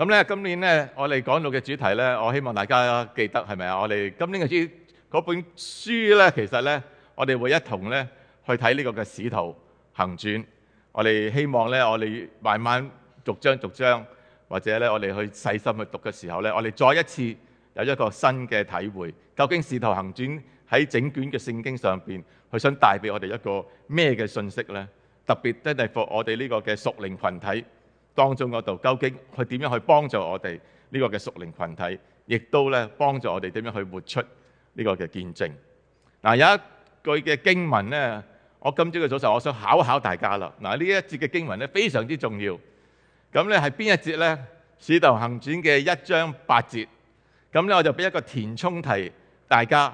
咁咧，今年呢，我哋講到嘅主題呢，我希望大家記得係咪啊？我哋今年嘅本書呢，其實呢，我哋會一同呢去睇呢個嘅《使徒行傳》。我哋希望呢，我哋慢慢逐章逐章，或者呢，我哋去細心去讀嘅時候呢，我哋再一次有一個新嘅體會。究竟《使徒行傳》喺整卷嘅聖經上邊，佢想帶俾我哋一個咩嘅信息呢？特別真係我哋呢個嘅熟齡群體。當中嗰度究竟佢點樣去幫助我哋呢個嘅熟齡羣體，亦都咧幫助我哋點樣去活出呢個嘅見證嗱。有一句嘅經文咧，我今朝嘅早上我想考考大家啦。嗱，呢一節嘅經文咧非常之重要。咁咧係邊一節咧？《使徒行傳》嘅一章八節。咁咧我就俾一個填充題大家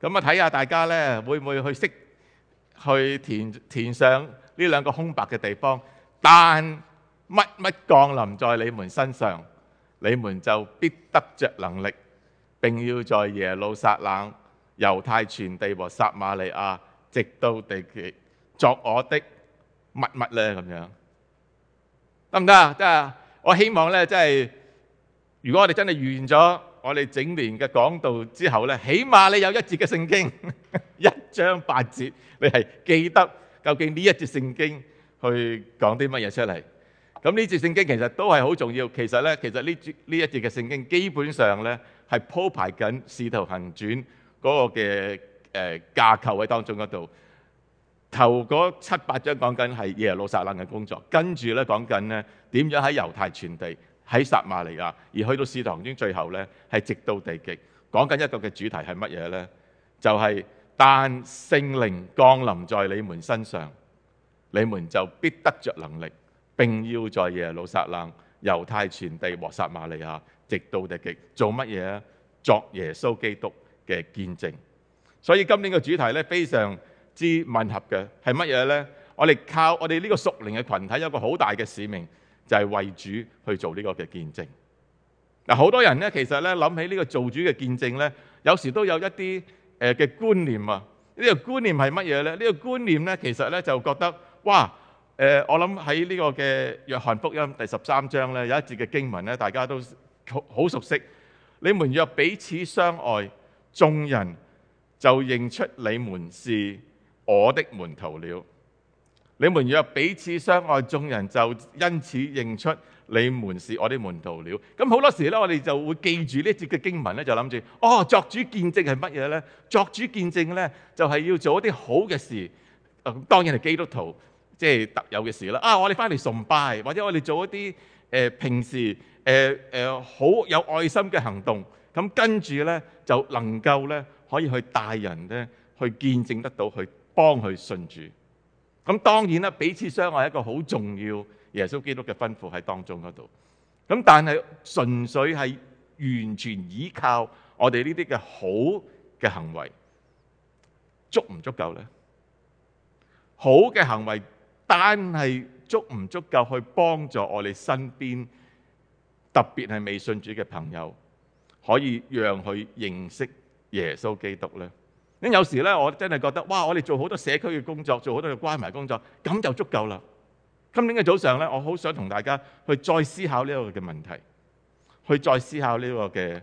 咁啊，睇下大家咧會唔會去識去填填上呢兩個空白嘅地方，但。乜乜降臨在你們身上，你們就必得著能力。並要在耶路撒冷、猶太全地和撒瑪利亞，直到地極，作我的乜乜咧，咁樣，得唔得啊？即係我希望咧，即係如果我哋真係完咗我哋整年嘅講道之後咧，起碼你有一節嘅聖經，一章八節，你係記得究竟呢一節聖經去講啲乜嘢出嚟。咁呢節聖經其實都係好重要。其實咧，其實呢呢一節嘅聖經基本上呢係鋪排緊《使徒行傳》嗰個嘅誒架構，喺當中嗰度頭嗰七八章講緊係耶路撒冷嘅工作，跟住呢講緊咧點樣喺猶太傳地、喺撒瑪利亞，而去到《使徒行傳》最後呢係直到地極，講緊一個嘅主題係乜嘢呢？就係、是、但聖靈降臨在你們身上，你們就必得着能力。並要在耶路撒冷、猶太全地和撒瑪利亞，直到地極，做乜嘢啊？作耶穌基督嘅見證。所以今年嘅主題咧，非常之吻合嘅係乜嘢呢？我哋靠我哋呢個屬靈嘅群體，有個好大嘅使命，就係為主去做呢個嘅見證。嗱，好多人呢，其實呢，諗起呢個做主嘅見證呢，有時都有一啲誒嘅觀念啊。呢個觀念係乜嘢呢？呢個觀念呢，其實呢，就覺得哇～誒、呃，我諗喺呢個嘅約翰福音第十三章呢，有一節嘅經文咧，大家都好熟悉。你們若彼此相愛，眾人就認出你們是我的門徒了。你們若彼此相愛，眾人就因此認出你們是我的門徒了。咁好多時呢，我哋就會記住呢節嘅經文呢，就諗住哦，作主見證係乜嘢呢？作主見證呢，就係要做一啲好嘅事。咁當然係基督徒。即係特有嘅事啦！啊，我哋翻嚟崇拜，或者我哋做一啲誒平時誒誒好有愛心嘅行動，咁跟住咧就能夠咧可以去帶人咧去見證得到，去幫佢信主。咁當然啦，彼此相愛係一個好重要耶穌基督嘅吩咐喺當中嗰度。咁但係純粹係完全依靠我哋呢啲嘅好嘅行為，足唔足夠咧？好嘅行為。單係足唔足夠去幫助我哋身邊，特別係未信主嘅朋友，可以讓佢認識耶穌基督呢？咁有時呢，我真係覺得，哇！我哋做好多社區嘅工作，做好多嘅關懷工作，咁就足夠啦。今年嘅早上呢，我好想同大家去再思考呢個嘅問題，去再思考呢個嘅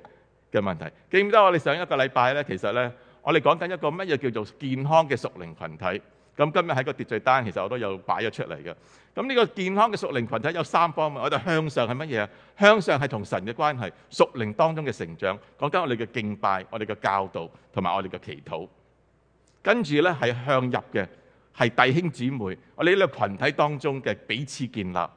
嘅問題。記唔記得我哋上一個禮拜呢？其實呢，我哋講緊一個乜嘢叫做健康嘅熟齡群體？咁今日喺個秩序單，其實我都有擺咗出嚟嘅。咁呢個健康嘅屬靈羣體有三方面，我哋向上係乜嘢啊？向上係同神嘅關係，屬靈當中嘅成長，講緊我哋嘅敬拜、我哋嘅教導同埋我哋嘅祈禱。跟住呢係向入嘅係弟兄姊妹，我哋呢個羣體當中嘅彼此建立，講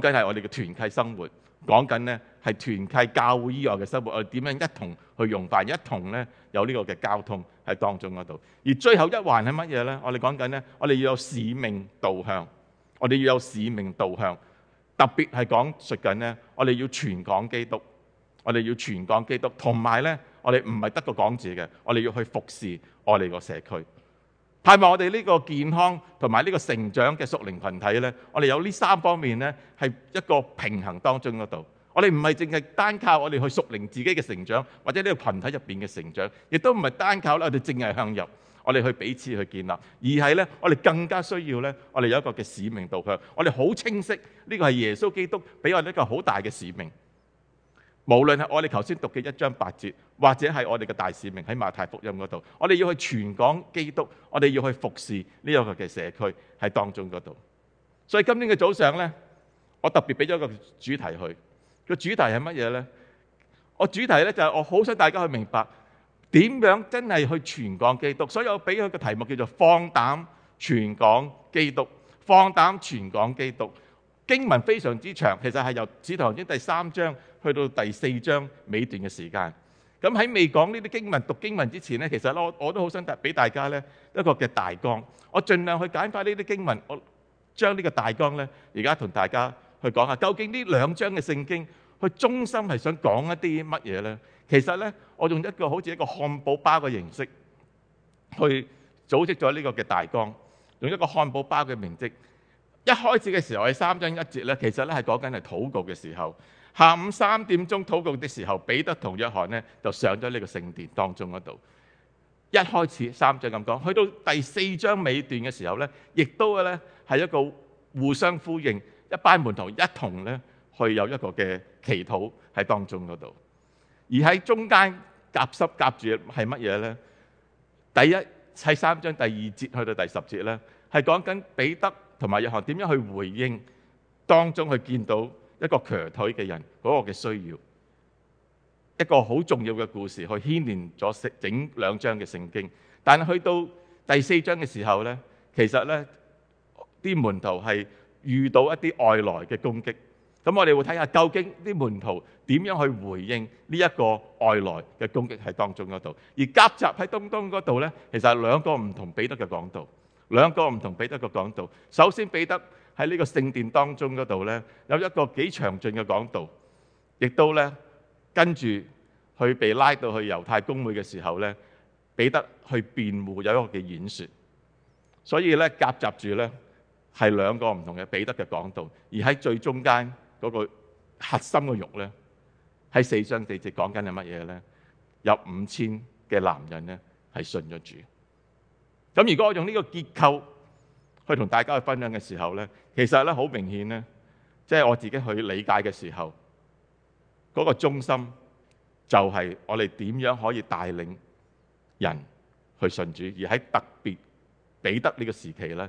緊係我哋嘅團契生活，講緊呢。係團契、教會以外嘅生活，我哋點樣一同去用飯，一同咧有呢個嘅交通喺當中嗰度。而最後一環係乜嘢咧？我哋講緊咧，我哋要有使命導向，我哋要有使命導向，特別係講述緊咧，我哋要全港基督，我哋要全港基督，同埋咧，我哋唔係得個港字嘅，我哋要去服侍我哋個社區，係咪我哋呢個健康同埋呢個成長嘅屬靈群體咧？我哋有呢三方面咧，係一個平衡當中嗰度。我哋唔係淨係單靠我哋去熟練自己嘅成長，或者呢個群體入邊嘅成長，亦都唔係單靠啦。我哋淨係向入我哋去彼此去建立，而係呢，我哋更加需要呢，我哋有一個嘅使命導向。我哋好清晰呢、這個係耶穌基督俾我哋一個好大嘅使命。無論係我哋頭先讀嘅一章八節，或者係我哋嘅大使命喺馬太福音嗰度，我哋要去全港基督，我哋要去服侍呢一個嘅社區喺當中嗰度。所以今天嘅早上呢，我特別俾咗一個主題去。個主題係乜嘢呢？我主題呢就係我好想大家去明白點樣真係去傳講基督，所以我俾佢個題目叫做放膽傳講基督。放膽傳講基督，經文非常之長，其實係由《使徒行傳》第三章去到第四章尾段嘅時間。咁喺未講呢啲經文、讀經文之前呢，其實我我都好想帶俾大家呢一個嘅大綱。我盡量去簡化呢啲經文，我將呢個大綱呢，而家同大家。去講下究竟呢兩章嘅聖經，佢中心係想講一啲乜嘢呢？其實呢，我用一個好似一個漢堡包嘅形式去組織咗呢個嘅大綱，用一個漢堡包嘅名稱。一開始嘅時候係三章一節呢，其實呢係講緊係禱告嘅時候，下午三點鐘禱告嘅時候，彼得同約翰呢就上咗呢個聖殿當中嗰度。一開始三章咁講，去到第四章尾段嘅時候呢，亦都呢係一個互相呼應。一班門徒一同咧去有一個嘅祈禱喺當中嗰度，而喺中間夾濕夾住係乜嘢咧？第一係三章第二節去到第十節咧，係講緊彼得同埋約翰點樣去回應當中去見到一個瘸腿嘅人嗰個嘅需要。一個好重要嘅故事去牽連咗整兩章嘅聖經，但係去到第四章嘅時候咧，其實咧啲門徒係。遇到一啲外來嘅攻擊，咁我哋會睇下究竟啲門徒點樣去回應呢一個外來嘅攻擊喺當中嗰度，而夾雜喺東東嗰度呢，其實係兩個唔同彼得嘅講道，兩個唔同彼得嘅講道。首先彼得喺呢個聖殿當中嗰度呢，有一個幾詳盡嘅講道，亦都呢跟住去被拉到去猶太公會嘅時候呢，彼得去辯護有一個嘅演説，所以呢夾雜住呢。係兩個唔同嘅彼得嘅講道，而喺最中間嗰個核心嘅肉呢，喺四章地節講緊係乜嘢呢？有五千嘅男人呢，係信咗主。咁如果我用呢個結構去同大家去分享嘅時候呢，其實呢，好明顯呢，即係我自己去理解嘅時候，嗰個中心就係我哋點樣可以帶領人去信主，而喺特別彼得呢個時期呢。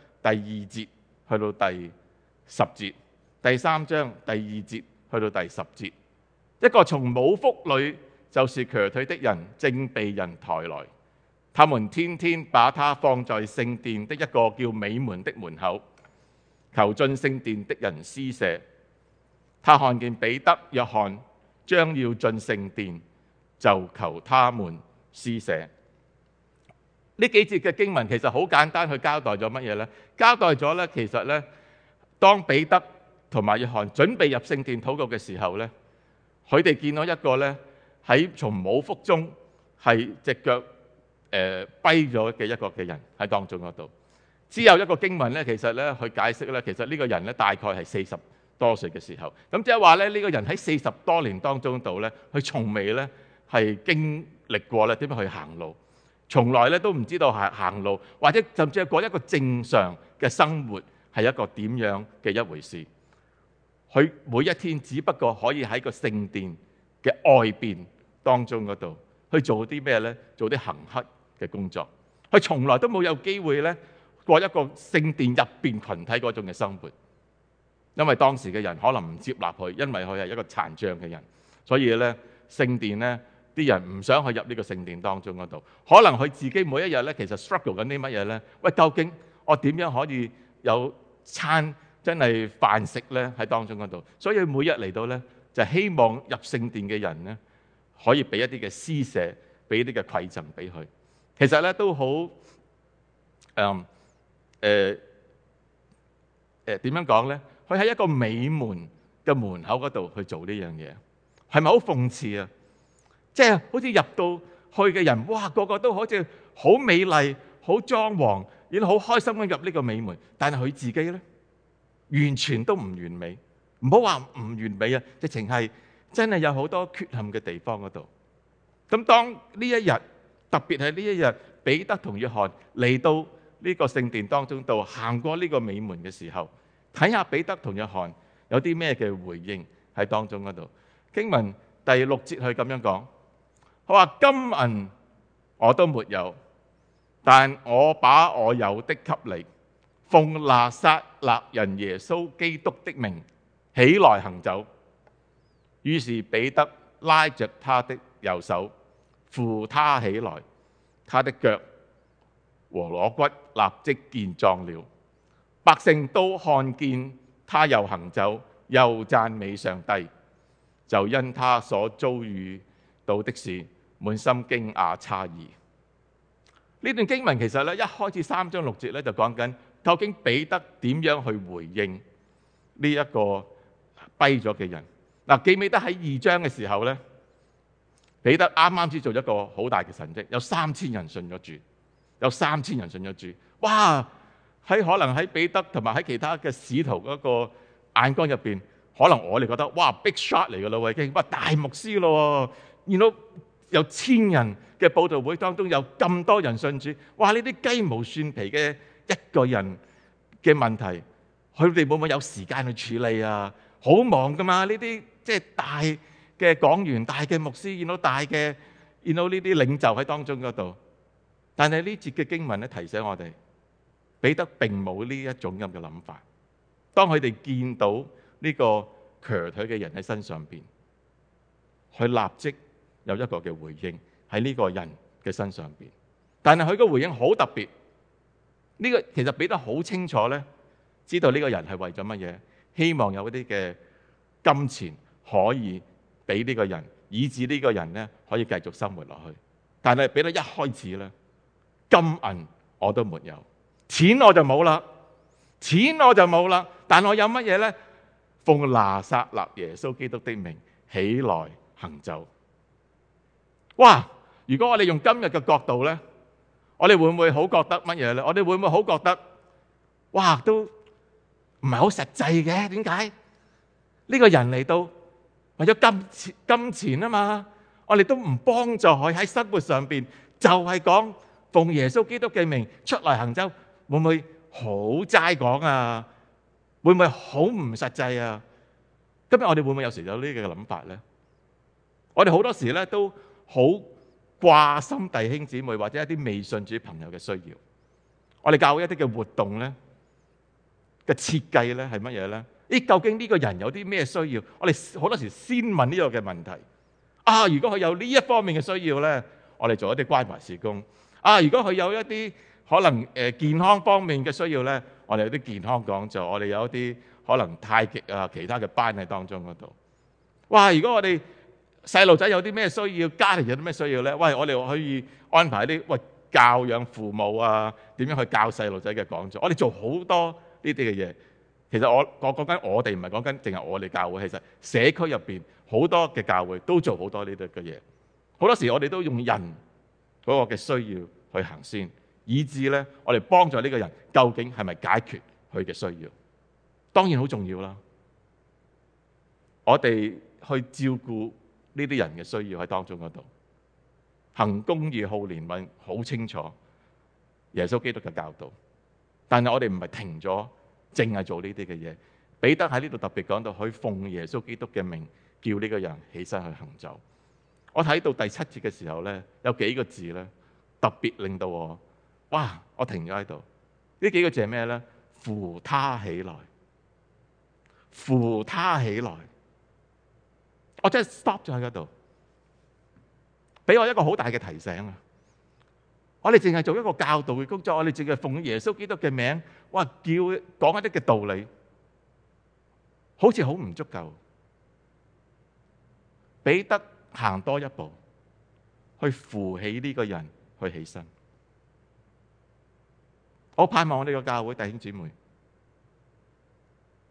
第二節去到第十節，第三章第二節去到第十節。一個從母腹裏就是瘸腿的人正被人抬來，他們天天把他放在聖殿的一個叫美門的門口，求進聖殿的人施捨。他看見彼得、約翰將要進聖殿，就求他們施捨。呢幾節嘅經文其實好簡單，去交代咗乜嘢呢？交代咗呢，其實呢，當彼得同埋約翰準備入聖殿禱告嘅時候呢，佢哋見到一個呢喺從母腹中係隻腳誒跛咗嘅一個嘅人喺當中嗰度。之後一個經文呢，其實呢去解釋呢，其實呢個人呢大概係四十多歲嘅時候。咁即係話呢，呢個人喺四十多年當中度呢，佢從未呢係經歷過呢點樣去行路。從來咧都唔知道係行路，或者甚至係過一個正常嘅生活係一個點樣嘅一回事。佢每一天只不過可以喺個聖殿嘅外邊當中嗰度去做啲咩呢？做啲行乞嘅工作。佢從來都冇有機會呢，過一個聖殿入邊羣體嗰種嘅生活，因為當時嘅人可能唔接納佢，因為佢係一個殘障嘅人，所以呢，聖殿呢。啲人唔想去入呢個聖殿當中嗰度，可能佢自己每一日咧，其實 struggle 緊啲乜嘢咧？喂，究竟我點樣可以有餐真係飯食咧？喺當中嗰度，所以每日嚟到咧，就希望入聖殿嘅人咧可以俾一啲嘅施捨，俾一啲嘅饋贈俾佢。其實咧都好誒誒誒點樣講咧？佢喺一個美門嘅門口嗰度去做呢樣嘢，係咪好諷刺啊？即係好似入到去嘅人，哇個個都好似好美麗、好莊皇，已經好開心咁入呢個美門。但係佢自己呢，完全都唔完美。唔好話唔完美啊，直情係真係有好多缺陷嘅地方嗰度。咁當呢一日，特別係呢一日，彼得同約翰嚟到呢個聖殿當中度行過呢個美門嘅時候，睇下彼得同約翰有啲咩嘅回應喺當中嗰度。經文第六節佢咁樣講。我話金銀我都沒有，但我把我有的給你。奉拿撒勒人耶穌基督的名起來行走。於是彼得拉着他的右手扶他起來，他的腳和裸骨立即健壯了。百姓都看見他又行走，又讚美上帝。就因他所遭遇到的事，滿心驚訝、差異。呢段經文其實咧，一開始三章六節咧就講緊，究竟彼得點樣去回應呢一個跛咗嘅人？嗱，記唔記得喺二章嘅時候咧，彼得啱啱先做咗一個好大嘅神跡，有三千人信咗主，有三千人信咗主。哇！喺可能喺彼得同埋喺其他嘅使徒嗰個眼光入邊，可能我哋覺得哇，big shot 嚟㗎喇喎，已經喂大牧師咯喎，you know。有千人嘅佈道會當中有咁多人信主，哇！呢啲雞毛蒜皮嘅一個人嘅問題，佢哋會唔會有時間去處理啊？好忙㗎嘛！呢啲即係大嘅講員、大嘅牧師，見到大嘅，見到呢啲領袖喺當中嗰度。但係呢節嘅經文咧提醒我哋，彼得並冇呢一種咁嘅諗法。當佢哋見到呢個瘸腿嘅人喺身上邊，佢立即有一個嘅回應喺呢個人嘅身上邊，但係佢個回應好特別。呢個其實俾得好清楚呢，知道呢個人係為咗乜嘢，希望有啲嘅金錢可以俾呢個人，以致呢個人呢可以繼續生活落去。但係俾到一開始呢，金銀我都沒有，錢我就冇啦，錢我就冇啦。但我有乜嘢呢？奉拿撒勒耶穌基督的名，起來行走。哇！如果我哋用今日嘅角度咧，我哋會唔會好覺得乜嘢咧？我哋會唔會好覺得哇都唔係好實際嘅？點解呢個人嚟到為咗金錢金錢啊嘛？我哋都唔幫助佢喺生活上邊，就係講奉耶穌基督嘅名出嚟行走，會唔會好齋講啊？會唔會好唔實際啊？今日我哋會唔會有時有呢個諗法咧？我哋好多時咧都～好掛心弟兄姊妹或者一啲未信主朋友嘅需要，我哋教會一啲嘅活動呢嘅設計呢係乜嘢呢？咦，究竟呢個人有啲咩需要？我哋好多時先問呢個嘅問題。啊，如果佢有呢一方面嘅需要呢，我哋做一啲關懷事工。啊，如果佢有一啲可能誒健康方面嘅需要呢，我哋有啲健康講座，我哋有一啲可能太極啊、其他嘅班喺當中嗰度。哇，如果我哋...細路仔有啲咩需要，家庭有啲咩需要呢？喂，我哋可以安排啲喂教養父母啊，點樣去教細路仔嘅講座？我哋做好多呢啲嘅嘢。其實我我講緊我哋唔係講緊淨係我哋教會，其實社區入邊好多嘅教會都做好多呢啲嘅嘢。好多時我哋都用人嗰個嘅需要去行先，以至呢，我哋幫助呢個人究竟係咪解決佢嘅需要？當然好重要啦。我哋去照顧。呢啲人嘅需要喺當中嗰度，行公義、好憐憫，好清楚耶穌基督嘅教導。但係我哋唔係停咗，淨係做呢啲嘅嘢。彼得喺呢度特別講到，佢奉耶穌基督嘅命叫呢個人起身去行走。我睇到第七節嘅時候咧，有幾個字咧特別令到我，哇！我停咗喺度。呢幾個字係咩咧？扶他起來，扶他起來。我真係 stop 咗喺嗰度，俾我一個好大嘅提醒啊！我哋淨係做一個教導嘅工作，我哋淨係奉耶穌基督嘅名，哇叫講一啲嘅道理，好似好唔足夠，俾得行多一步，去扶起呢個人去起身。我盼望我哋個教會弟兄姊妹，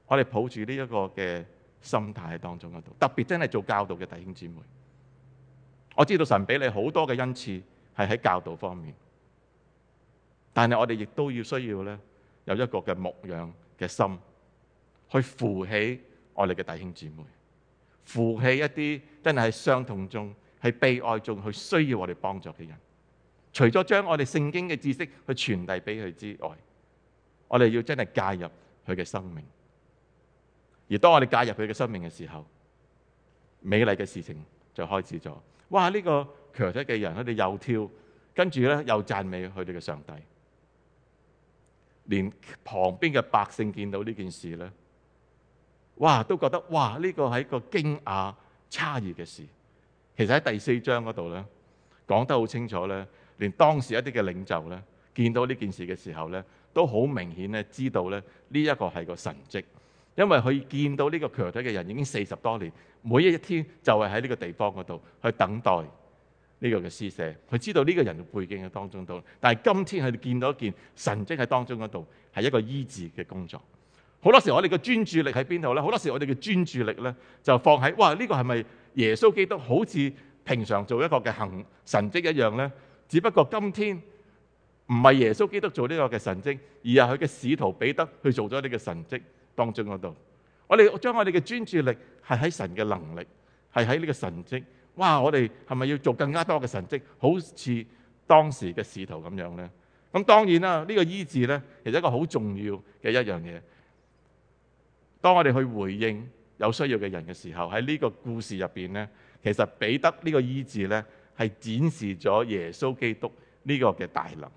我哋抱住呢一個嘅。心態喺當中嗰度，特別真係做教導嘅弟兄姊妹，我知道神俾你好多嘅恩賜係喺教導方面，但係我哋亦都要需要咧，有一個嘅牧養嘅心，去扶起我哋嘅弟兄姊妹，扶起一啲真係傷痛中，喺被愛中去需要我哋幫助嘅人。除咗將我哋聖經嘅知識去傳遞俾佢之外，我哋要真係介入佢嘅生命。而當我哋介入佢嘅生命嘅時候，美麗嘅事情就開始咗。哇！呢個強者嘅人佢哋又跳，跟住咧又讚美佢哋嘅上帝。連旁邊嘅百姓見到呢件事咧，哇，都覺得哇呢個係一個驚訝差異嘅事。其實喺第四章嗰度咧講得好清楚咧，連當時一啲嘅領袖咧見到呢件事嘅時候咧，都好明顯咧知道咧呢一個係個神跡。因為佢見到呢個瘸腿嘅人已經四十多年，每一一天就係喺呢個地方嗰度去等待呢個嘅施捨。佢知道呢個人嘅背景喺當中度，但係今天佢見到一件神跡喺當中度係一個醫治嘅工作。好多時我哋嘅專注力喺邊度呢？好多時我哋嘅專注力呢，就放喺哇，呢個係咪耶穌基督好似平常做一個嘅行神跡一樣呢？只不過今天唔係耶穌基督做呢個嘅神跡，而係佢嘅使徒彼得去做咗呢個神跡。當中嗰度，我哋將我哋嘅專注力係喺神嘅能力，係喺呢個神蹟。哇！我哋係咪要做更加多嘅神蹟？好似當時嘅使徒咁樣咧。咁當然啦，呢個醫治咧，其實一個好重要嘅一樣嘢。當我哋去回應有需要嘅人嘅時候，喺呢個故事入邊咧，其實彼得呢個醫治咧，係展示咗耶穌基督呢個嘅大能。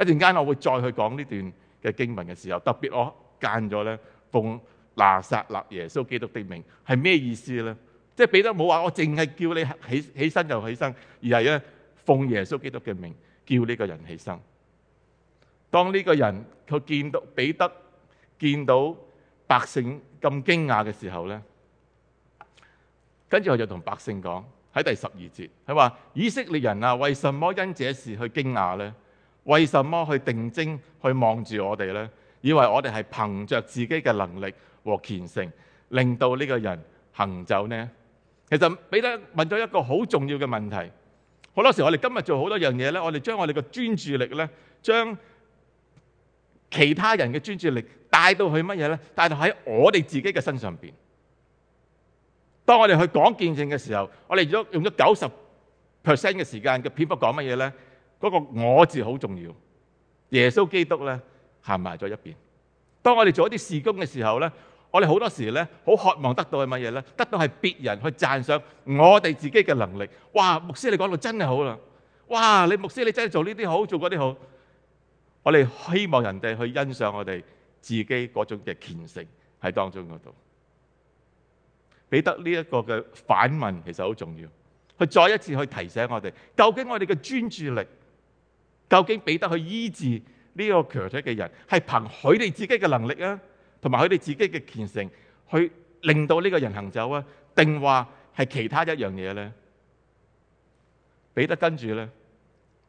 一陣間我會再去講呢段嘅經文嘅時候，特別我間咗咧。奉拿撒勒耶穌基督的名係咩意思呢？即係彼得冇話我淨係叫你起起身就起身，而係咧奉耶穌基督嘅名叫呢個人起身。當呢個人佢見到彼得見到百姓咁驚訝嘅時候呢，我跟住佢就同百姓講喺第十二節，佢話：以色列人啊，為什麼因這事去驚訝呢？為什麼去定睛去望住我哋呢？」以為我哋係憑著自己嘅能力和虔誠，令到呢個人行走呢？其實彼得問咗一個好重要嘅問題。好多時我哋今日做好多樣嘢呢，我哋將我哋嘅專注力呢，將其他人嘅專注力帶到去乜嘢呢？帶到喺我哋自己嘅身上邊。當我哋去講見證嘅時候，我哋用用咗九十 percent 嘅時間嘅篇幅講乜嘢呢？嗰個我字好重要。耶穌基督呢。行埋咗一邊。當我哋做一啲事工嘅時候呢，我哋好多時呢，好渴望得到係乜嘢呢？得到係別人去讚賞我哋自己嘅能力。哇！牧師你講到真係好啦。哇！你牧師你真係做呢啲好，做嗰啲好。我哋希望人哋去欣賞我哋自己嗰種嘅虔誠喺當中嗰度。彼得呢一個嘅反問其實好重要，去再一次去提醒我哋，究竟我哋嘅專注力，究竟彼得去醫治？呢個強者嘅人係憑佢哋自己嘅能力啊，同埋佢哋自己嘅虔誠去令到呢個人行走啊，定話係其他一樣嘢咧？彼得跟住咧，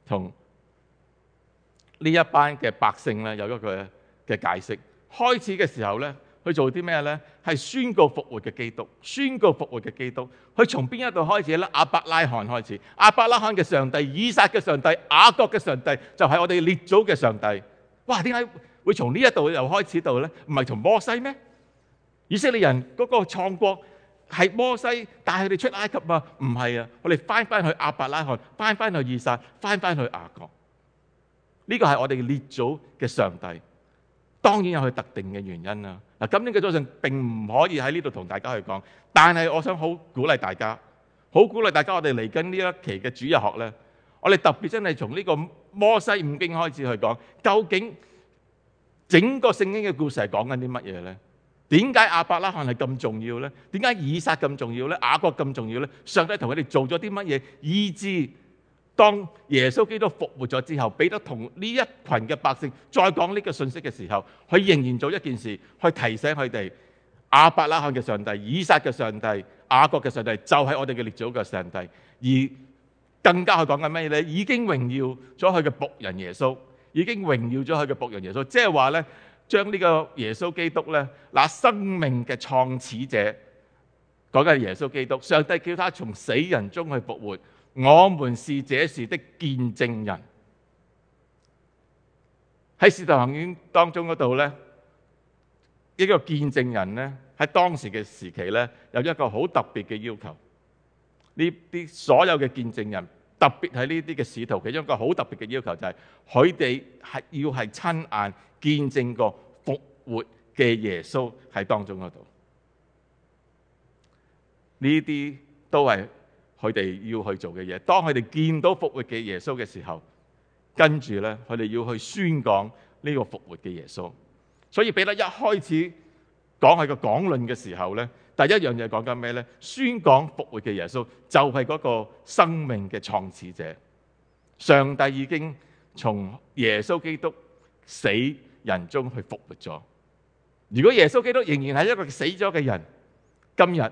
同呢一班嘅百姓咧有一個嘅解釋。開始嘅時候咧。去做啲咩呢？係宣告復活嘅基督，宣告復活嘅基督。佢從邊一度開始呢？阿伯拉罕開始，阿伯拉罕嘅上帝、以撒嘅上帝、雅各嘅上帝，就係我哋列祖嘅上帝。哇！點解會從呢一度又開始到呢？唔係從摩西咩？以色列人嗰個創國係摩西帶佢哋出埃及嘛？唔係啊！我哋翻翻去阿伯拉罕，翻翻去以撒，翻翻去雅各。呢個係我哋列祖嘅上帝，當然有佢特定嘅原因啦。嗱，今年嘅早晨並唔可以喺呢度同大家去講，但係我想好鼓勵大家，好鼓勵大家，我哋嚟緊呢一期嘅主日學咧，我哋特別真係從呢個摩西五經開始去講，究竟整個聖經嘅故事係講緊啲乜嘢咧？點解亞伯拉罕係咁重要咧？點解以撒咁重要咧？雅各咁重要咧？上帝同佢哋做咗啲乜嘢以致，當耶穌基督復活咗之後，彼得同呢一群嘅百姓再講呢個信息嘅時候，佢仍然做一件事，去提醒佢哋：亞伯拉罕嘅上帝、以撒嘅上帝、雅各嘅上帝，就係、是、我哋嘅列祖嘅上帝。而更加去講緊咩呢？已經榮耀咗佢嘅僕人耶穌，已經榮耀咗佢嘅僕人耶穌，即係話呢，將呢個耶穌基督呢，嗱，生命嘅創始者，講緊耶穌基督，上帝叫他從死人中去復活。我們是這時的見證人，喺使徒行傳當中嗰度咧，呢個見證人咧喺當時嘅時期咧有一個好特別嘅要求。呢啲所有嘅見證人，特別係呢啲嘅使徒，其中一個好特別嘅要求就係，佢哋係要係親眼見證過復活嘅耶穌喺當中嗰度。呢啲都係。佢哋要去做嘅嘢，當佢哋見到復活嘅耶穌嘅時候，跟住咧，佢哋要去宣講呢個復活嘅耶穌。所以彼得一開始講係個講論嘅時候咧，第一樣嘢講緊咩咧？宣講復活嘅耶穌就係嗰個生命嘅創始者，上帝已經從耶穌基督死人中去復活咗。如果耶穌基督仍然係一個死咗嘅人，今日，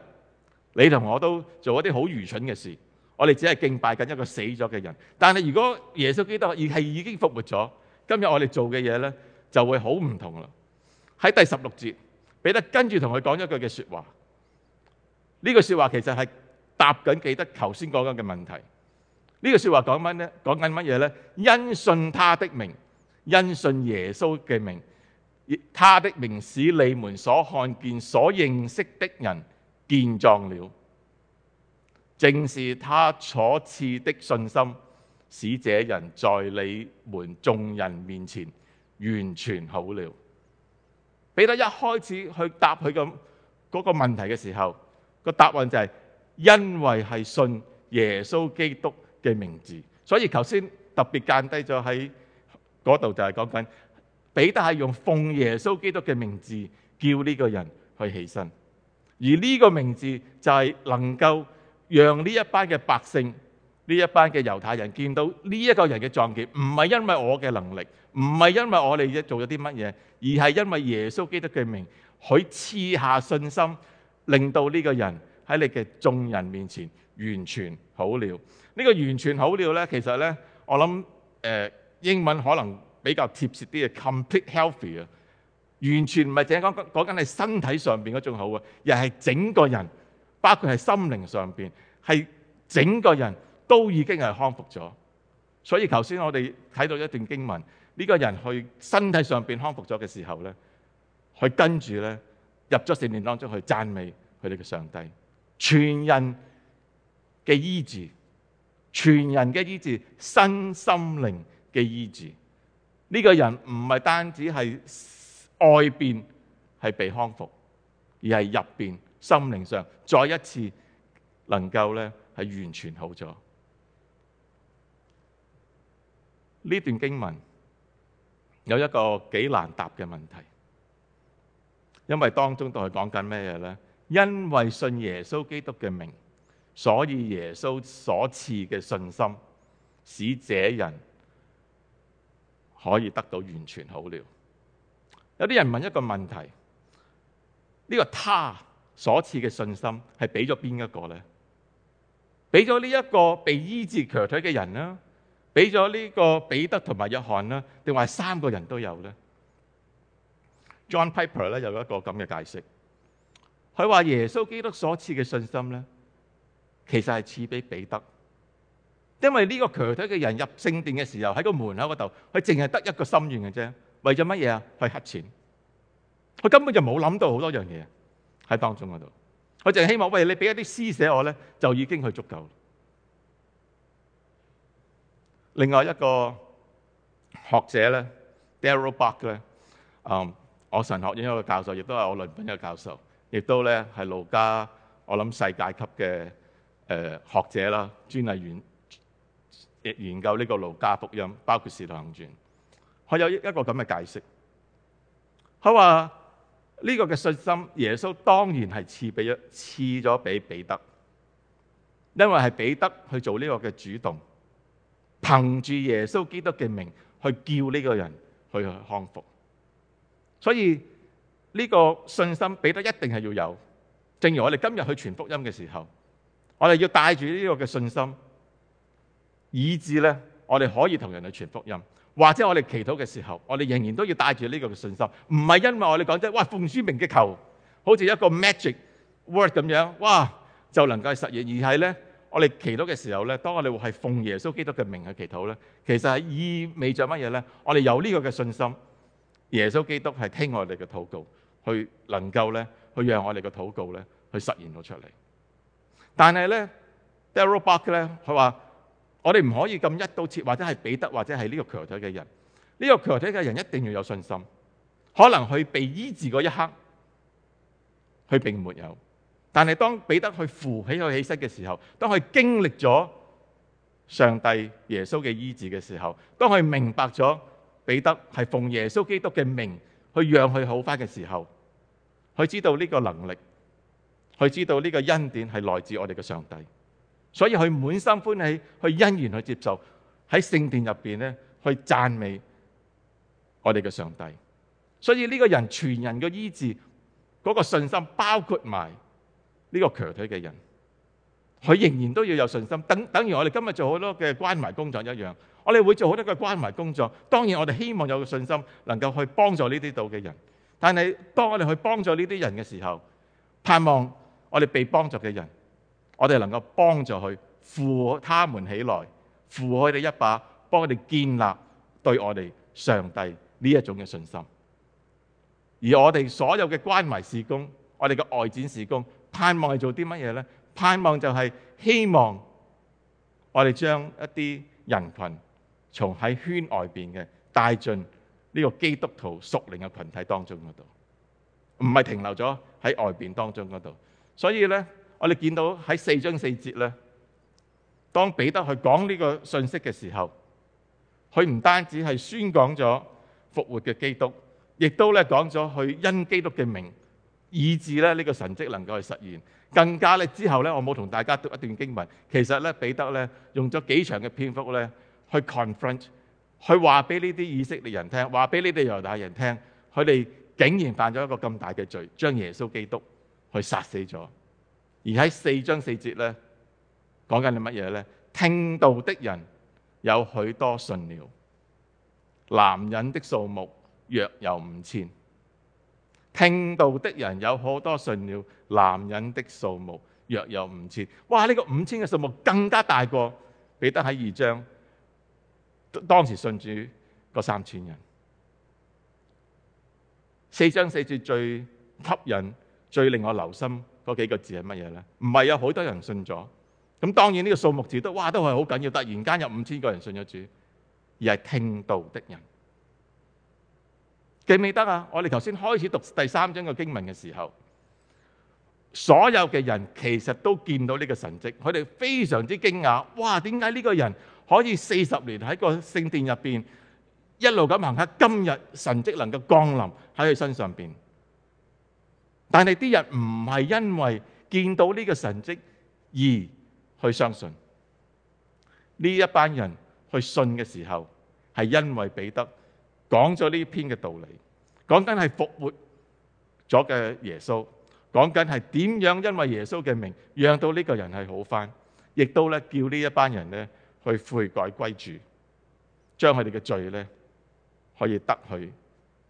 你同我都做一啲好愚蠢嘅事，我哋只係敬拜緊一個死咗嘅人。但係如果耶穌基督已係已經復活咗，今日我哋做嘅嘢呢就會好唔同啦。喺第十六節，彼得跟住同佢講咗句嘅說話，呢個說話其實係答緊記得頭先講緊嘅問題。呢個說話講乜呢？講緊乜嘢呢？因信他的名，因信耶穌嘅名，他的名使你們所看見、所認識的人。健壯了，正是他所賜的信心，使這人在你們眾人面前完全好了。彼得一開始去答佢咁嗰個問題嘅時候，個答案就係因為係信耶穌基督嘅名字，所以頭先特別間低咗喺嗰度就係講緊彼得係用奉耶穌基督嘅名字叫呢個人去起身。而呢個名字就係能夠讓呢一班嘅百姓，呢一班嘅猶太人見到呢一個人嘅壯健，唔係因為我嘅能力，唔係因為我哋而做咗啲乜嘢，而係因為耶穌基督嘅名，佢賜下信心，令到呢個人喺你嘅眾人面前完全好了。呢、這個完全好了呢，其實呢，我諗、呃、英文可能比較貼切啲嘅 complete healthy 啊。完全唔係淨係講講緊你身體上邊嗰種好啊，而係整個人，包括係心靈上邊，係整個人都已經係康復咗。所以頭先我哋睇到一段經文，呢個人去身體上邊康復咗嘅時候呢，佢跟住呢入咗聖殿當中去讚美佢哋嘅上帝，全人嘅醫治，全人嘅醫治，身心靈嘅醫治。呢個人唔係單止係，外邊係被康復，而係入邊心靈上再一次能夠咧係完全好咗。呢段經文有一個幾難答嘅問題，因為當中都係講緊咩嘢呢？因為信耶穌基督嘅名，所以耶穌所賜嘅信心，使這人可以得到完全好了。有啲人問一個問題：呢個他所賜嘅信心係俾咗邊一個呢？俾咗呢一個被醫治瘸腿嘅人啦，俾咗呢個彼得同埋約翰啦，定話三個人都有呢？John Piper 咧有一個咁嘅解釋，佢話耶穌基督所賜嘅信心呢，其實係賜俾彼得，因為呢個瘸腿嘅人入聖殿嘅時候喺個門口嗰度，佢淨係得一個心願嘅啫。為咗乜嘢啊？去黑錢，佢根本就冇諗到好多樣嘢喺當中嗰度。佢淨係希望，喂，你俾一啲施捨我咧，就已經去足夠。另外一個學者咧，Darrell Buck 咧，嗯，我神學院一個教授，亦都係我論文一個教授，亦都咧係路加。我諗世界級嘅誒、呃、學者啦，專係研研究呢個路加福音，包括《使徒行傳》。佢有一一個咁嘅解釋。佢話呢個嘅信心，耶穌當然係賜俾咗，賜咗俾彼得，因為係彼得去做呢個嘅主動，憑住耶穌基督嘅名去叫呢個人去康復。所以呢個信心，彼得一定係要有。正如我哋今日去傳福音嘅時候，我哋要帶住呢個嘅信心，以致呢，我哋可以同人去傳福音。或者我哋祈禱嘅時候，我哋仍然都要帶住呢個信心，唔係因為我哋講真，哇奉主名嘅求，好似一個 magic word 咁樣，哇就能夠實現，而係咧我哋祈禱嘅時候咧，當我哋係奉耶穌基督嘅名去祈禱咧，其實係意味著乜嘢咧？我哋有呢個嘅信心，耶穌基督係聽我哋嘅禱告，去能夠咧去讓我哋嘅禱告咧去實現到出嚟。但係咧，Daryl Buck 咧佢話。我哋唔可以咁一刀切，或者係彼得，或者係呢個瘸腿嘅人。呢個瘸腿嘅人一定要有信心。可能佢被醫治嗰一刻，佢並沒有。但係當彼得去扶起佢起身嘅時候，當佢經歷咗上帝耶穌嘅醫治嘅時候，當佢明白咗彼得係奉耶穌基督嘅名去讓佢好翻嘅時候，佢知道呢個能力，佢知道呢個恩典係來自我哋嘅上帝。所以佢滿心歡喜，去欣然去接受喺聖殿入邊咧，去讚美我哋嘅上帝。所以呢個人全人嘅醫治，嗰個信心包括埋呢個瘸腿嘅人，佢仍然都要有信心。等等於我哋今日做好多嘅關懷工作一樣，我哋會做好多嘅關懷工作。當然我哋希望有個信心能夠去幫助呢啲道嘅人。但係當我哋去幫助呢啲人嘅時候，盼望我哋被幫助嘅人。我哋能夠幫助佢，扶佢哋起來，扶佢哋一把，幫佢哋建立對我哋上帝呢一種嘅信心。而我哋所有嘅關懷事工，我哋嘅外展事工，盼望係做啲乜嘢呢？盼望就係希望我哋將一啲人群從喺圈外邊嘅帶進呢個基督徒屬靈嘅群體當中嗰度，唔係停留咗喺外邊當中嗰度。所以呢。我哋見到喺四章四節咧，當彼得去講呢個信息嘅時候，佢唔單止係宣講咗復活嘅基督，亦都咧講咗佢因基督嘅名以致咧呢個神蹟能夠去實現。更加咧之後咧，我冇同大家讀一段經文，其實咧彼得咧用咗幾長嘅篇幅咧去 confront，去話俾呢啲以色列人聽，話俾呢啲猶大人聽，佢哋竟然犯咗一個咁大嘅罪，將耶穌基督去殺死咗。而喺四章四節咧，講緊啲乜嘢咧？聽到的人有許多信了，男人的數目約有五千。聽到的人有好多信了，男人的數目約有五千。哇！呢個五千嘅數目更加大過彼得喺二章當時信主嗰三千人。四章四節最吸引、最令我留心。嗰幾個字係乜嘢呢？唔係有好多人信咗。咁當然呢個數目字都，哇都係好緊要。突然間有五千個人信咗主，而係聽道的人記唔記得啊？我哋頭先開始讀第三章嘅經文嘅時候，所有嘅人其實都見到呢個神跡，佢哋非常之驚訝。哇！點解呢個人可以四十年喺個聖殿入邊一路咁行啊？今日神跡能夠降臨喺佢身上邊？但係啲人唔係因為見到呢個神跡而去相信。呢一班人去信嘅時候，係因為彼得講咗呢篇嘅道理，講緊係復活咗嘅耶穌，講緊係點樣因為耶穌嘅名，讓到呢個人係好返，亦都咧叫呢一班人咧去悔改歸主，將佢哋嘅罪咧可以得去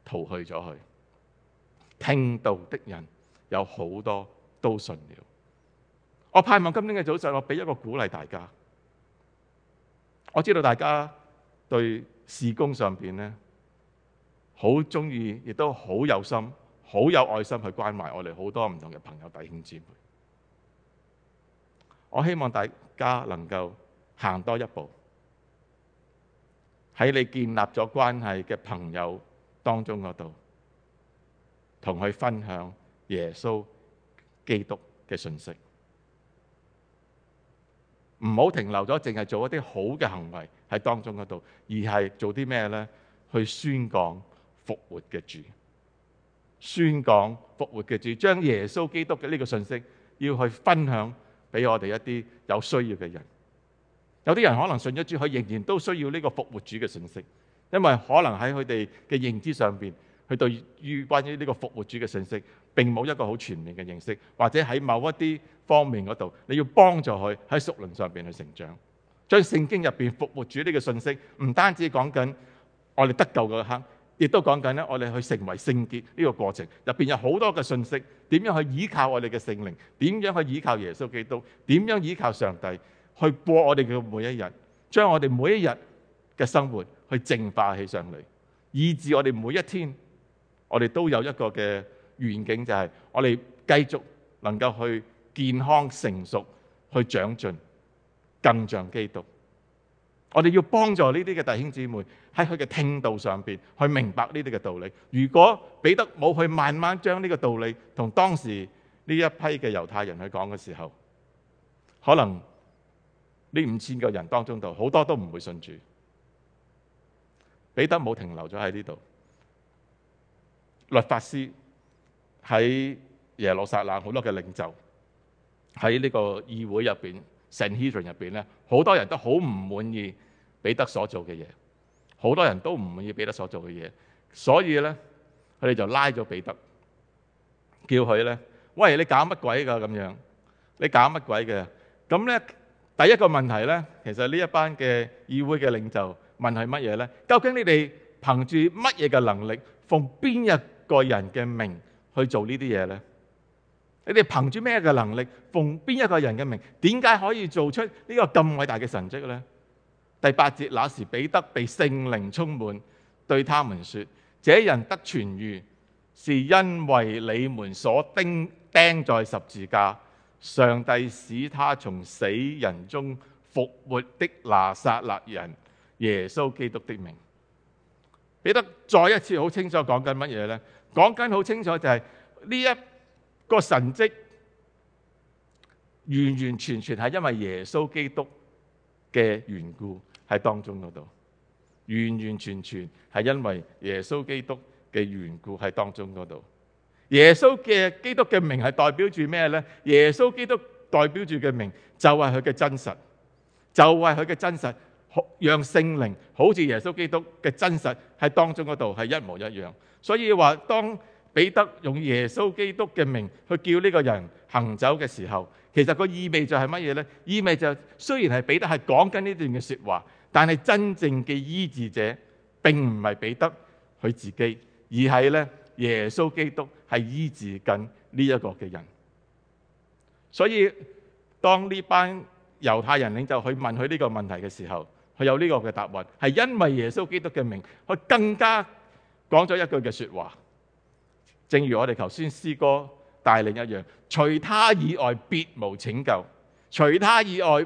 逃去咗去。聽到的人有好多都信了。我盼望今日嘅早上，我俾一個鼓勵大家。我知道大家對事工上邊咧，好鍾意，亦都好有心，好有愛心去關懷我哋好多唔同嘅朋友、弟兄姊妹。我希望大家能夠行多一步，喺你建立咗關係嘅朋友當中嗰度。同佢分享耶穌基督嘅信息，唔好停留咗，淨係做一啲好嘅行為喺當中嗰度，而係做啲咩咧？去宣講復活嘅主，宣講復活嘅主，將耶穌基督嘅呢個信息要去分享俾我哋一啲有需要嘅人。有啲人可能信咗主，佢仍然都需要呢個復活主嘅信息，因為可能喺佢哋嘅認知上邊。去對於關於呢個復活主嘅信息，並冇一個好全面嘅認識，或者喺某一啲方面嗰度，你要幫助佢喺屬靈上邊去成長，將聖經入邊復活主呢個信息，唔單止講緊我哋得救嗰刻，亦都講緊咧我哋去成為聖潔呢個過程，入邊有好多嘅信息，點樣去依靠我哋嘅聖靈，點樣去依靠耶穌基督，點樣依靠上帝去過我哋嘅每一日，將我哋每一日嘅生活去淨化起上嚟，以至我哋每一天。我哋都有一個嘅願景，就係我哋繼續能夠去健康成熟，去長進，更像基督。我哋要幫助呢啲嘅弟兄姊妹喺佢嘅聽道上面去明白呢啲嘅道理。如果彼得冇去慢慢將呢個道理同當時呢一批嘅猶太人去講嘅時候，可能呢五千個人當中度好多都唔會信主。彼得冇停留咗喺呢度。律法師喺耶路撒冷好多嘅領袖喺呢個議會入邊，Sanhedrin 入邊咧，好多人都好唔滿意彼得所做嘅嘢，好多人都唔滿意彼得所做嘅嘢，所以咧佢哋就拉咗彼得，叫佢咧，喂，你搞乜鬼㗎咁樣，你搞乜鬼嘅？咁咧第一個問題咧，其實呢一班嘅議會嘅領袖問係乜嘢咧？究竟你哋憑住乜嘢嘅能力，奉邊日個人嘅名去做呢啲嘢呢？你哋憑住咩嘅能力，奉邊一個人嘅名？點解可以做出呢個咁偉大嘅神蹟呢？第八節，那時彼得被聖靈充滿，對他們說：這人得痊愈，是因為你們所釘釘在十字架。上帝使他從死人中復活的拿撒勒人耶穌基督的名。彼得再一次好清楚講緊乜嘢呢？講緊好清楚就係呢一個神蹟，完完全全係因為耶穌基督嘅緣故喺當中嗰度。完完全全係因為耶穌基督嘅緣故喺當中嗰度。耶穌嘅基督嘅名係代表住咩呢？耶穌基督代表住嘅名就係佢嘅真實，就係佢嘅真實。讓聖靈好似耶穌基督嘅真實喺當中嗰度係一模一樣，所以話當彼得用耶穌基督嘅名去叫呢個人行走嘅時候，其實個意味就係乜嘢呢？意味就是、雖然係彼得係講緊呢段嘅説話，但係真正嘅醫治者並唔係彼得佢自己，而係呢耶穌基督係醫治緊呢一個嘅人。所以當呢班猶太人領袖去問佢呢個問題嘅時候，佢有呢個嘅答案，係因為耶穌基督嘅名，佢更加講咗一句嘅説話，正如我哋頭先詩歌帶領一樣。除他以外，別無拯救；除他以外，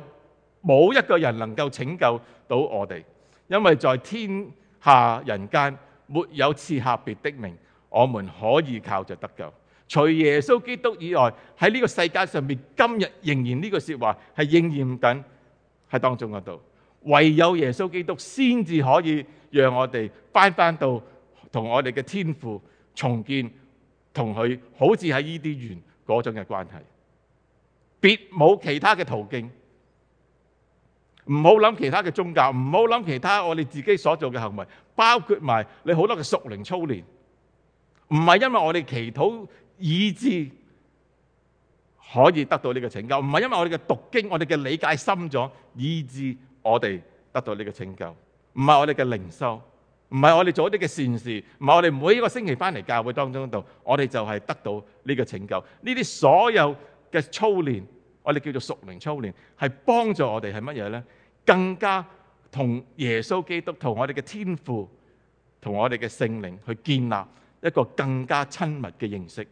冇一個人能夠拯救到我哋，因為在天下人間沒有賜下別的名，我們可以靠著得救。除耶穌基督以外，喺呢個世界上面，今日仍然呢句説話係應驗緊喺當中嗰度。唯有耶穌基督先至可以讓我哋返返到同我哋嘅天父重建，同佢好似喺伊甸園嗰種嘅關係，別冇其他嘅途徑，唔好諗其他嘅宗教，唔好諗其他我哋自己所做嘅行為，包括埋你好多嘅屬靈操練，唔係因為我哋祈禱以致可以得到呢個拯救，唔係因為我哋嘅讀經，我哋嘅理解深咗以致，我哋得到呢個拯救，唔係我哋嘅靈修，唔係我哋做一啲嘅善事，唔係我哋每一個星期翻嚟教會當中度，我哋就係得到呢個拯救。呢啲所有嘅操練，我哋叫做屬靈操練，係幫助我哋係乜嘢呢？更加同耶穌基督同我哋嘅天父，同我哋嘅聖靈去建立一個更加親密嘅認識，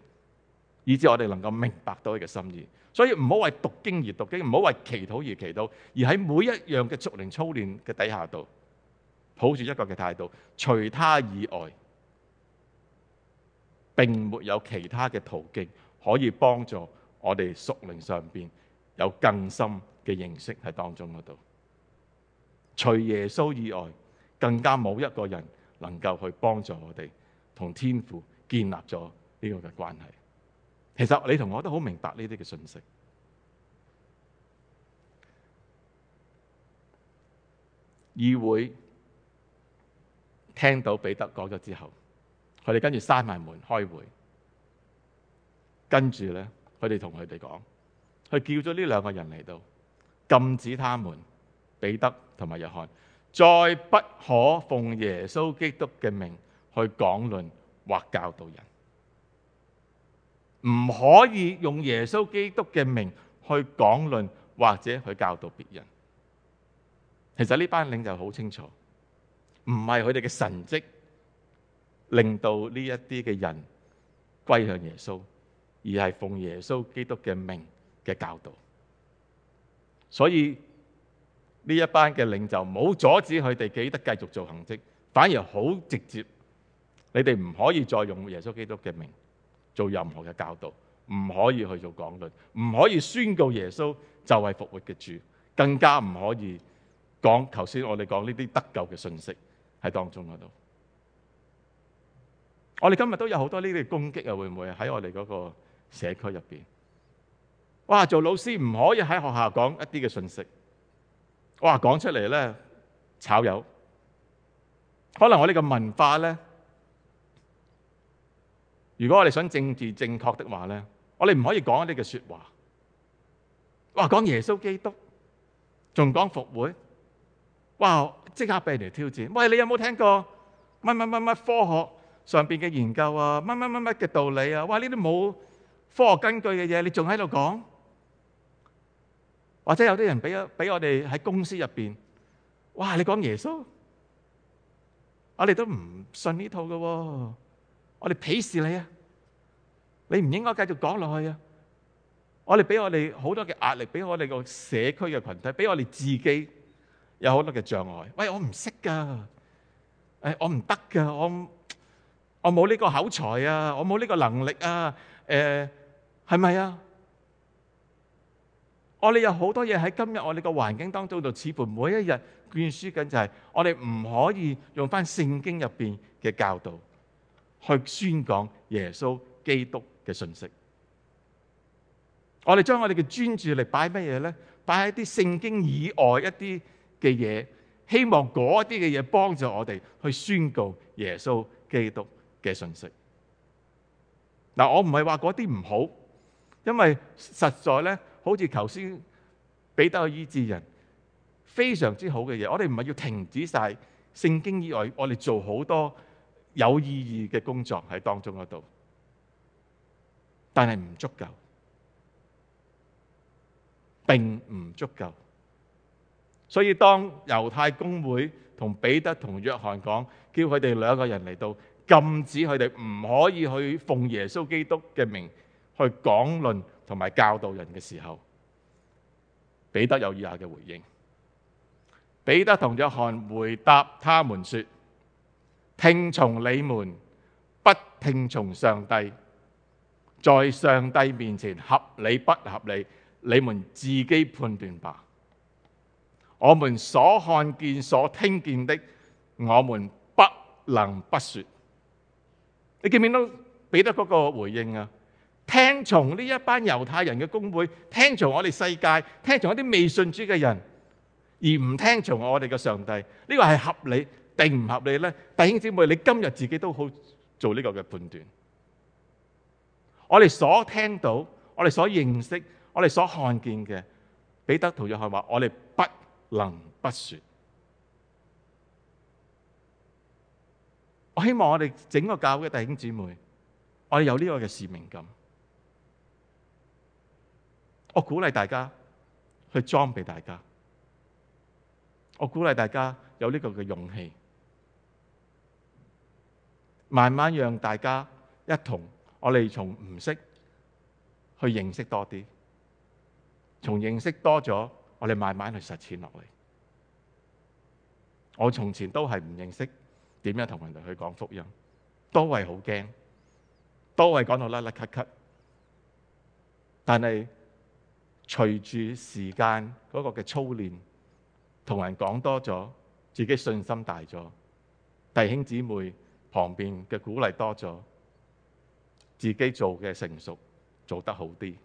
以至我哋能夠明白到佢嘅心意。所以唔好為讀經而讀經，唔好為祈禱而祈禱，而喺每一樣嘅屬靈操練嘅底下度，抱住一個嘅態度，除他以外，並沒有其他嘅途徑可以幫助我哋屬靈上面有更深嘅認識喺當中嗰度。除耶穌以外，更加冇一個人能夠去幫助我哋同天父建立咗呢個嘅關係。其實你同我都好明白呢啲嘅信息。議會聽到彼得講咗之後，佢哋跟住閂埋門開會，跟住咧，佢哋同佢哋講，佢叫咗呢兩個人嚟到，禁止他們彼得同埋約翰再不可奉耶穌基督嘅名去講論或教導人。唔可以用耶穌基督嘅名去講論或者去教導別人。其實呢班領袖好清楚，唔係佢哋嘅神蹟令到呢一啲嘅人歸向耶穌，而係奉耶穌基督嘅名嘅教導。所以呢一班嘅領袖冇阻止佢哋記得繼續做行蹟，反而好直接。你哋唔可以再用耶穌基督嘅名。做任何嘅教導，唔可以去做講論，唔可以宣告耶穌就係復活嘅主，更加唔可以講頭先我哋講呢啲得救嘅信息喺當中嗰度。我哋今日都有好多呢啲攻擊啊，會唔會喺我哋嗰個社區入邊？哇！做老師唔可以喺學校講一啲嘅信息，哇！講出嚟呢，炒魷，可能我哋嘅文化呢。如果我哋想政治正確的話咧，我哋唔可以講一啲嘅説話。哇，講耶穌基督，仲講復活，哇，即刻俾人嚟挑戰。喂，你有冇聽過？乜乜乜乜科學上邊嘅研究啊？乜乜乜乜嘅道理啊？哇，呢啲冇科學根據嘅嘢，你仲喺度講？或者有啲人俾啊俾我哋喺公司入邊，哇，你講耶穌，我哋都唔信呢套嘅喎。我哋鄙視你啊！你唔應該繼續講落去啊！我哋俾我哋好多嘅壓力，俾我哋個社區嘅群體，俾我哋自己有好多嘅障礙。喂，我唔識噶，誒，我唔得噶，我我冇呢個口才啊，我冇呢個能力啊，誒、呃，係咪啊？我哋有好多嘢喺今日我哋個環境當中，就似乎每一日灌輸緊就係，我哋唔可以用翻聖經入邊嘅教導。去宣講耶穌基督嘅信息。我哋將我哋嘅專注力擺乜嘢呢？擺喺啲聖經以外一啲嘅嘢，希望嗰啲嘅嘢幫助我哋去宣告耶穌基督嘅信息。嗱，我唔係話嗰啲唔好，因為實在呢，好似頭先彼得醫治人，非常之好嘅嘢。我哋唔係要停止晒聖經以外，我哋做好多。有意義嘅工作喺當中嗰度，但係唔足夠，並唔足夠。所以當猶太公會同彼得同約翰講，叫佢哋兩個人嚟到禁止佢哋唔可以去奉耶穌基督嘅名去講論同埋教導人嘅時候，彼得有以下嘅回應：彼得同約翰回答他們說。聽從你們，不聽從上帝，在上帝面前合理不合理？你們自己判斷吧。我們所看見、所聽見的，我們不能不說。你見唔見到彼得嗰個回應啊？聽從呢一班猶太人嘅公會，聽從我哋世界，聽從一啲未信主嘅人，而唔聽從我哋嘅上帝，呢個係合理，定唔合理呢？弟兄姊妹，你今日自己都好做呢個嘅判斷。我哋所聽到，我哋所認識，我哋所看見嘅彼得同約翰話，我哋不能不說。我希望我哋整個教會嘅弟兄姊妹，我哋有呢個嘅使命感。我鼓勵大家去裝備大家。我鼓勵大家有呢個嘅勇氣。慢慢讓大家一同，我哋從唔識去認識多啲，從認識多咗，我哋慢慢去實踐落嚟。我從前都係唔認識點樣同人哋去講福音，都係好驚，都係講到甩甩咳咳。但係隨住時間嗰個嘅操練，同人講多咗，自己信心大咗，弟兄姊妹。旁邊嘅鼓勵多咗，自己做嘅成熟做得好啲。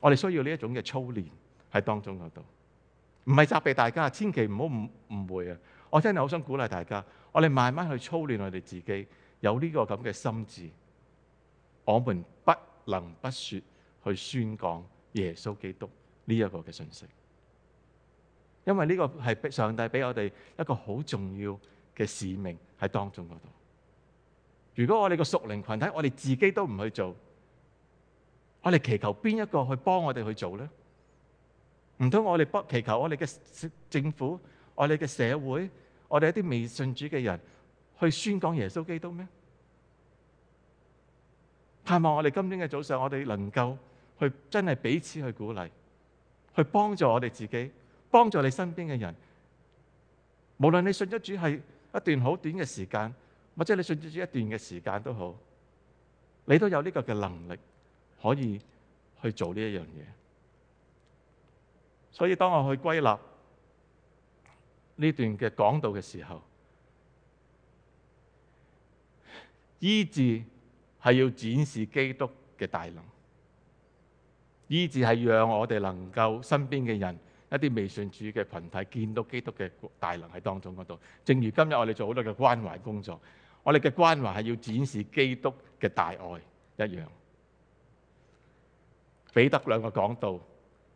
我哋需要呢一種嘅操練喺當中嗰度，唔係責備大家，千祈唔好誤誤會啊！我真係好想鼓勵大家，我哋慢慢去操練我哋自己，有呢個咁嘅心智，我們不能不説去宣講耶穌基督呢一個嘅信息，因為呢個係上帝俾我哋一個好重要。嘅使命喺當中嗰度。如果我哋個屬靈群體，我哋自己都唔去做，我哋祈求邊一個去幫我哋去做呢？唔通我哋不祈求我哋嘅政府、我哋嘅社會、我哋一啲未信主嘅人去宣講耶穌基督咩？盼望我哋今天嘅早上，我哋能夠去真係彼此去鼓勵，去幫助我哋自己，幫助你身邊嘅人。無論你信咗主係。一段好短嘅時間，或者你甚至一段嘅時間都好，你都有呢個嘅能力可以去做呢一樣嘢。所以當我去歸納呢段嘅講道嘅時候，醫治係要展示基督嘅大能，醫治係讓我哋能夠身邊嘅人。一啲未信主嘅羣體見到基督嘅大能喺當中嗰度，正如今日我哋做好多嘅關懷工作，我哋嘅關懷係要展示基督嘅大愛一樣。彼得兩個講到，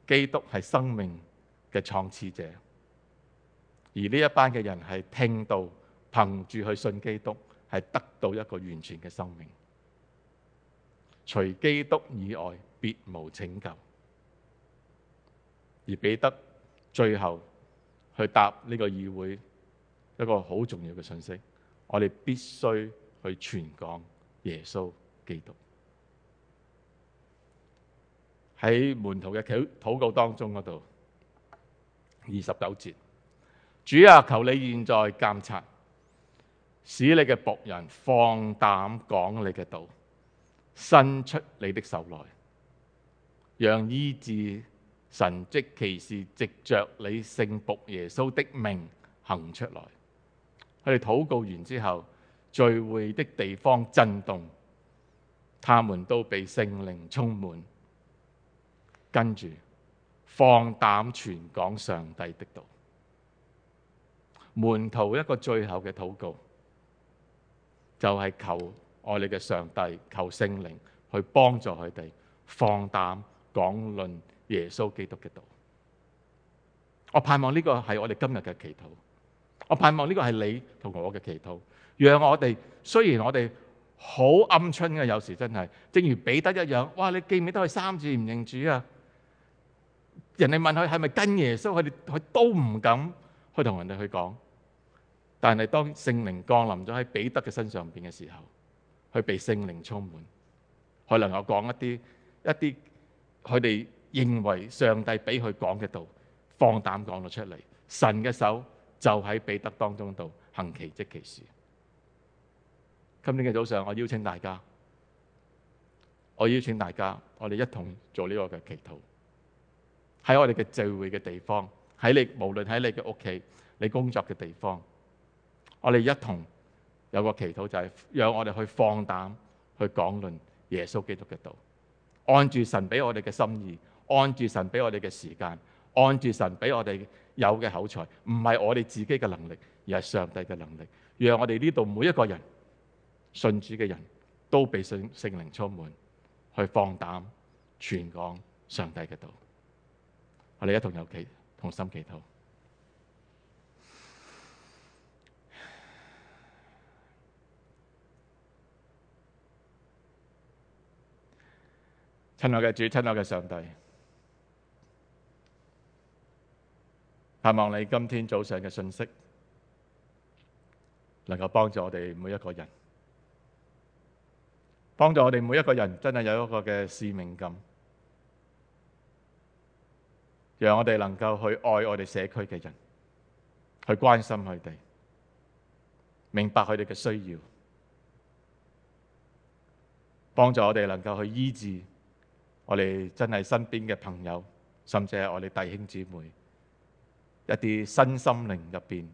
基督係生命嘅創始者，而呢一班嘅人係聽到憑住去信基督，係得到一個完全嘅生命。除基督以外，別無拯救。而彼得最後去答呢個議會一個好重要嘅信息，我哋必須去傳講耶穌基督喺門徒嘅禱告當中嗰度二十九節，主啊，求你現在監察，使你嘅僕人放膽講你嘅道，伸出你的手來，讓醫治。神蹟奇事，藉着你聖僕耶穌的名行出來。佢哋禱告完之後，聚會的地方震動，他們都被聖靈充滿，跟住放膽全講上帝的道。門徒一個最後嘅禱告就係、是、求我哋嘅上帝，求聖靈去幫助佢哋放膽講論。耶穌基督嘅道，我盼望呢個係我哋今日嘅祈禱，我盼望呢個係你同我嘅祈禱，讓我哋雖然我哋好鵪鶉嘅有時真係，正如彼得一樣，哇你記唔記得佢三次唔認主啊？人哋問佢係咪跟耶穌，佢哋佢都唔敢去同人哋去講，但係當聖靈降臨咗喺彼得嘅身上邊嘅時候，佢被聖靈充滿，佢能夠講一啲一啲佢哋。認為上帝俾佢講嘅道，放膽講咗出嚟。神嘅手就喺彼得當中度行其職其事。今天嘅早上，我邀請大家，我邀請大家，我哋一同做呢個嘅祈禱。喺我哋嘅聚會嘅地方，喺你無論喺你嘅屋企、你工作嘅地方，我哋一同有個祈禱，就係、是、讓我哋去放膽去講論耶穌基督嘅道，按住神俾我哋嘅心意。按住神俾我哋嘅時間，按住神俾我哋有嘅口才，唔係我哋自己嘅能力，而係上帝嘅能力。讓我哋呢度每一個人信主嘅人都被聖聖靈充滿，去放膽傳講上帝嘅道。我哋一同有祈，同心祈禱。親愛嘅主，親愛嘅上帝。盼望你今天早上嘅信息，能夠幫助我哋每一個人，幫助我哋每一個人真係有一個嘅使命感，讓我哋能夠去愛我哋社區嘅人，去關心佢哋，明白佢哋嘅需要，幫助我哋能夠去醫治我哋真係身邊嘅朋友，甚至係我哋弟兄姊妹。一啲新心靈入邊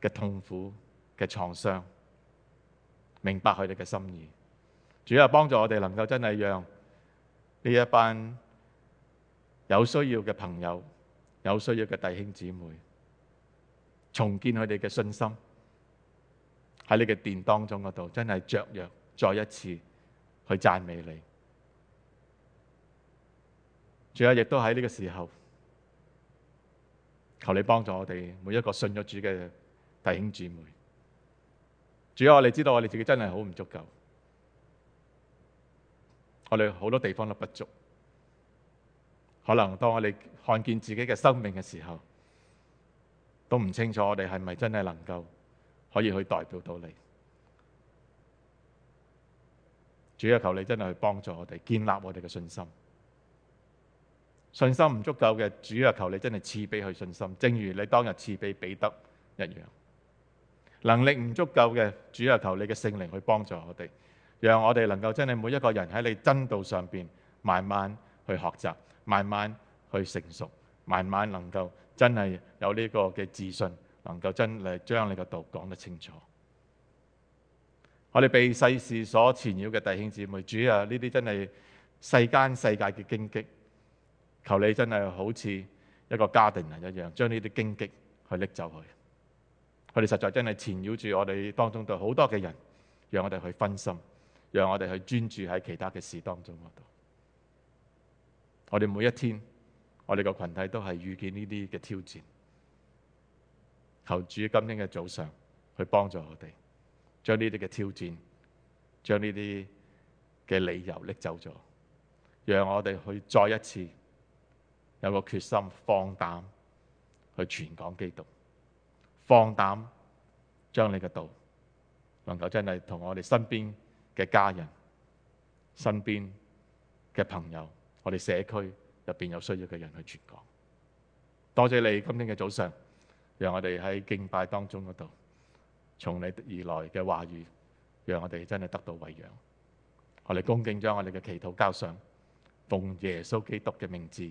嘅痛苦嘅創傷，明白佢哋嘅心意，主啊，幫助我哋能夠真係讓呢一班有需要嘅朋友、有需要嘅弟兄姊妹重建佢哋嘅信心，喺你嘅殿當中嗰度真係雀躍，再一次去讚美你，主啊，亦都喺呢個時候。求你幫助我哋每一個信咗主嘅弟兄姊妹。主要我哋，知道我哋自己真係好唔足夠，我哋好多地方都不足。可能當我哋看見自己嘅生命嘅時候，都唔清楚我哋係咪真係能夠可以去代表到你。主要求你真係去幫助我哋，建立我哋嘅信心。信心唔足夠嘅主啊，求你真係賜俾佢信心。正如你當日賜俾彼得一樣，能力唔足夠嘅主啊，求你嘅聖靈去幫助我哋，讓我哋能夠真係每一個人喺你真道上邊慢慢去學習，慢慢去成熟，慢慢能夠真係有呢個嘅自信，能夠真係將你個道講得清楚。我哋被世事所纏繞嘅弟兄姊妹，主啊，呢啲真係世間世界嘅荊棘。求你真係好似一個家庭人一樣，將呢啲荊棘去拎走去。佢哋實在真係纏繞住我哋當中度好多嘅人，讓我哋去分心，讓我哋去專注喺其他嘅事當中嗰度。我哋每一天，我哋個群體都係遇見呢啲嘅挑戰。求主今天嘅早上，去幫助我哋將呢啲嘅挑戰，將呢啲嘅理由拎走咗，讓我哋去再一次。有個決心，放膽去傳講基督，放膽將你嘅道，能夠真係同我哋身邊嘅家人、身邊嘅朋友、我哋社區入邊有需要嘅人去傳講。多謝你今天嘅早上，讓我哋喺敬拜當中嗰度，從你而來嘅話語，讓我哋真係得到餵養。我哋恭敬將我哋嘅祈禱交上，奉耶穌基督嘅名字。